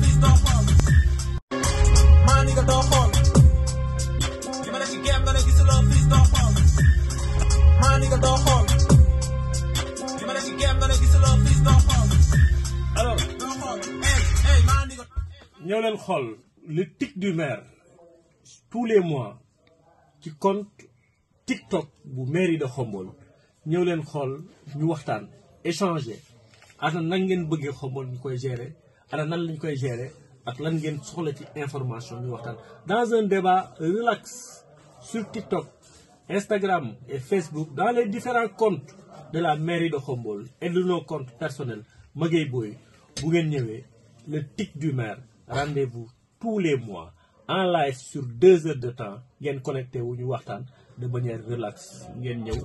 please xool li ma du maire tous les mois ci compte TikTok bu mairie de Khombole ñëw leen xool ñu waxtaan échanger ana nan ngeen bëggee Khombole ñu koy gérer ana nan lañ koy gérer ak lan ngeen soxla ci information ñu waxtaan dans un débat relax sur TikTok Instagram et Facebook dans les différents comptes de la mairie de Khombole et de nos comptes personnels Magueye Boye bu ngeen ñëwee le tic du maire rendez-vous tous les mois en live sur deux heures de temps ngeen connecté wu ñu waxtaan de manière relax ngeen ñëw